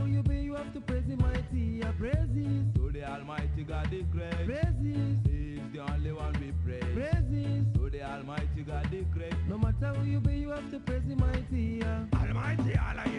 how you be, you have to praise the mighty. I praise Him. To the Almighty God the great. Praise Him. He's the only one we praise. Praise To the Almighty God the great. No matter who you be, you have to praise the mighty. Yeah. Almighty, Almighty.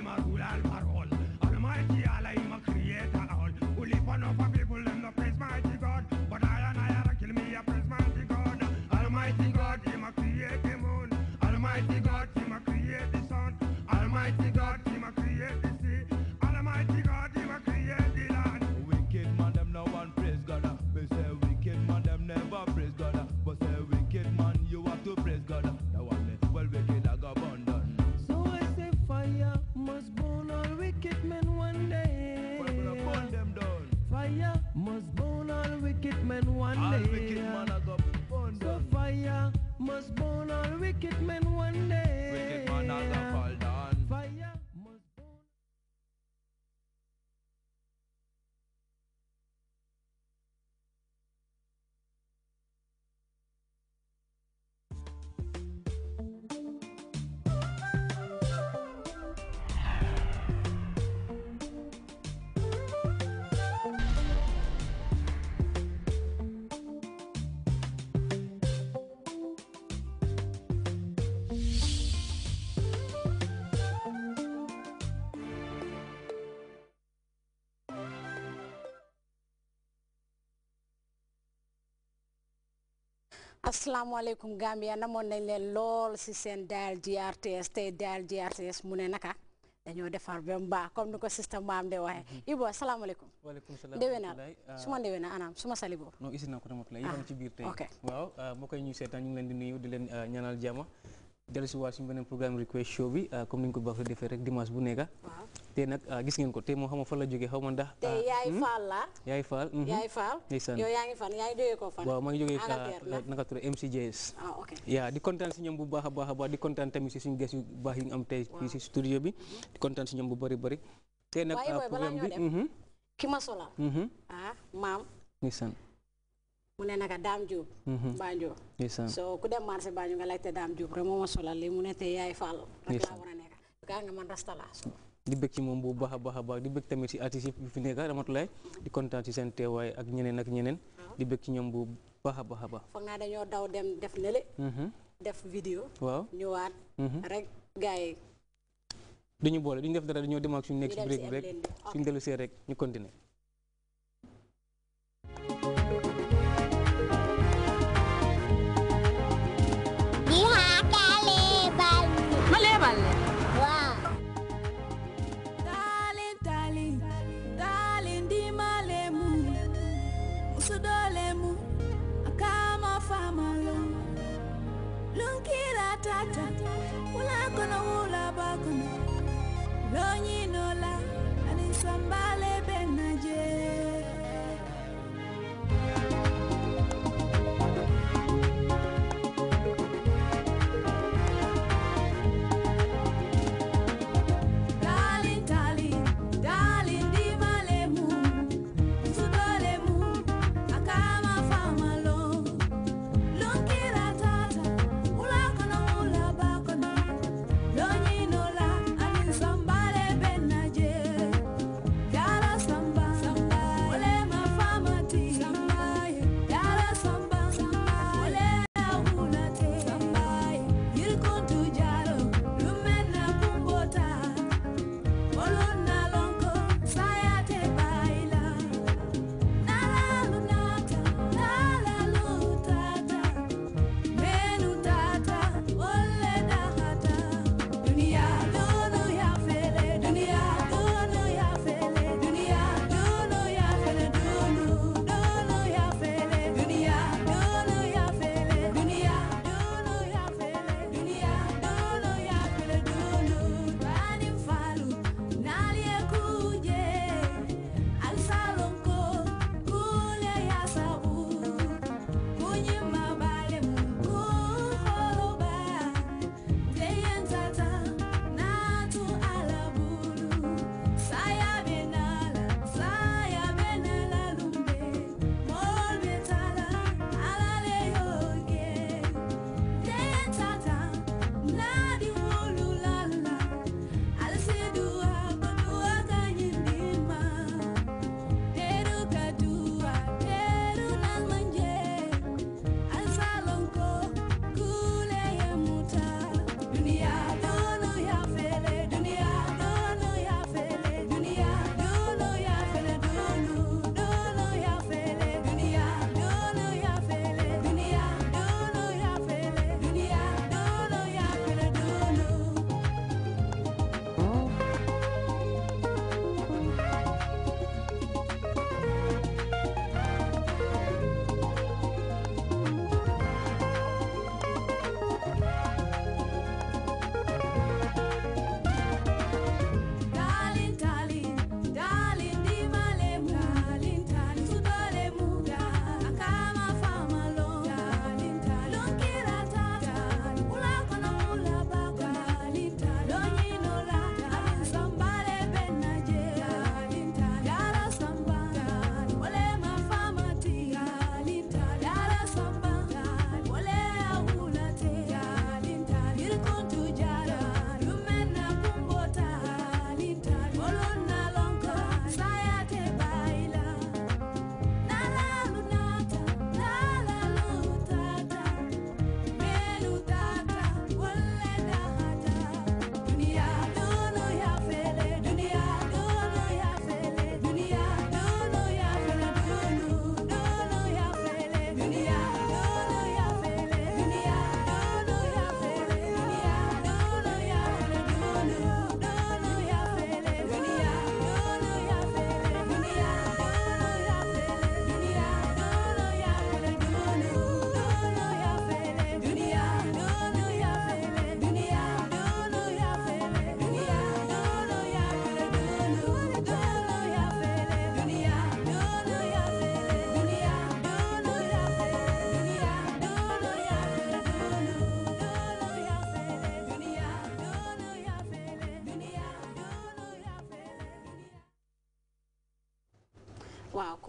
must burn all wicked men one all day. Wicked man go burn so fire must burn all wicked men one day. asalaamaaleykum Gambia namoon nañ leen lool si seen dial GRTS tey dial GRTS mu ne naka dañoo defar ba mu baax comme ni ko système maam de waxee mhm. Ibo asalaamaaleykum. waaleykum salaam déwénal ah. suma déwénal anam suma saliboo. non isi naa ko tamit la yéen ci biir tey. waaw ah, moo koy ñuy seetaan ñu ngi leen di nuyu di leen ah, ñaanal jàmm dellu si waat suñu beneen programme request show bi comme ni ñu ko baaxee defee rek dimanche bu nekk. té nak ah, gis ngeen ko té mo xama fa la joggé xawma ndax. té ah, yaay hmm? Fall la. yaay Fall. Hmm? yaay Fall. yo yaangi fan yaay ngi ko fan. waaw ma ngi joggé ka naka MC MCJS. ah ok ya di kontaan ci ñom bu baaxa baaxa ba di kontaan tamit ci suñu gess yu baax yi ñu am tey. ci si studio bi di kontaan ci ñom bu bari bari té nak problème bi hmm ki ma solal. Hmm? ah mam nissan mune naka dam Diop. Banjo. nissan so ku dem marché Banjo nga lay té dam Diop rek mo ma solo li mune té yaay Fall. rek la wara a nekk nga man rasta la di bëgg ci moom bu baax a baax a baax di bëgg tamit si artiste yi fi nekk Ramatulaay di kontaan si seen teewaay ak ñeneen ak ñeneen. di bëgg ci ñoom bu baax a baax a baax. foog naa dañoo daw dem def nële. Mhm. def vidéo. waaw ñëwaat. Mhm. rek gars yi. ñu boole duñu def dara ñoo dem ak suñu nekk si break bi rek suñu dellu see rek ñu continuer.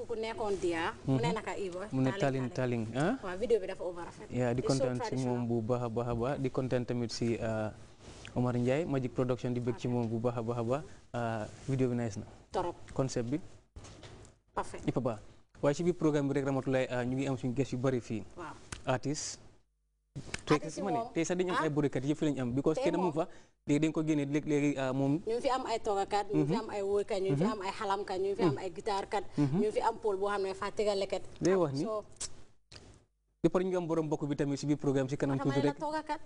kooku ku nekkoon Dia. mu ne mhm. naka Ivo. mu ne Taling Taling ah. waaw bi dafa over rafet. yaa di kontaan si moom bu baax a baax a baax di kontaan tamit si uh, Omar Ndiaye Magic Production di bëgg ci moom bu baax a baax a baax uh, vidéo bi na. torop concept bi. parfait i papa waaye si biir programme bi rek Ramatoulaye uh, ñu ngi am suñ gëstu yu bari fii. waaw te si ma sax dañu am ah ay burikat yëpp fi lañu am because kenn mu fa léegi dañ ko génne léegi léegi ah, moom ñu fi am ay toogakat ñu fi mhm. am ay wóorkat ñu fi mhm. am ay xalamkat ñu fi mhm. am ay guitaarkat ñu fi am pôle boo xam ne fàttiga leket day wax ni ba pare ñu am borom bokku bi tamit si biir programme ci kanam tuuti rek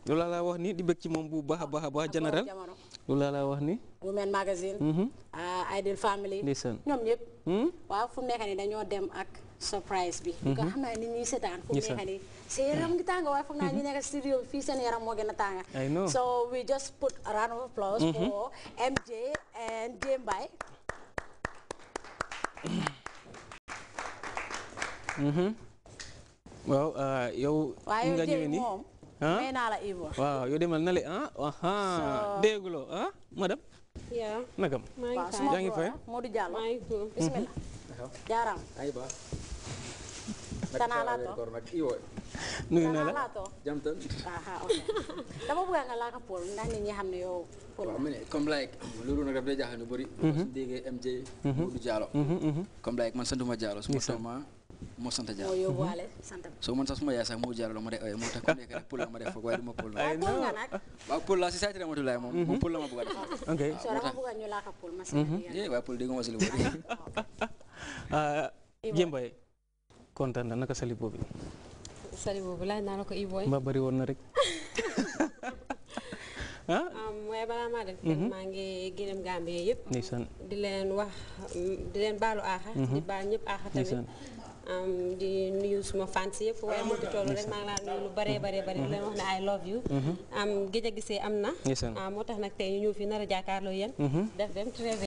lula la wax ni di bëgg ci mom bu baax a baax baax la wax ni Women Magazine mhm. ah, idol Family ñom ñep hmm wa fu nekk ni dañoo dem ak surprise bi mhm. nga mhm. xamna ni ñuy sétan fu nekk ni c'est ram gi tanga wa fu na ñu nekk studio fi seen yaram mo gëna tanga so we just put a round of applause for MJ and Jembaye Mm-hmm. waaw uh, yow. waaw yow jéeg moom may ah? naa la Ivo. waaw yow demal na le ah ah, ah. dégguloo ah madame. nagam. maa ngi fay naa la dama bëgg nga laaka Paul ndax nit ñi xam ne yow Paul waaw mu ne comme like loolu moo sant jaar moo yóbbuwaale soo man sax suma yaay sax moo jaarale ma de eh, moo tax ku nekk rek pël la ma def foog waaye pël la waaw moom mm-hmm. pël la ma bëgg a def ok soo ma si mm-hmm. eh, ah, na naka salibo bi woon na rek ah. Um, waaye balaa maa def. Mm-hmm. maa ngi gërëm Gambie yëpp. di leen di nuyu suma fans yëpp waaye mu di toll rek maa ngi laa nuyu lu bare bare bare mm-hmm. di wax ne I love you mm-hmm. am géej a gisee am na ah, moo tax nag tey ñu ñëw fi nar a jàkkaarloo yéen mm-hmm. def dem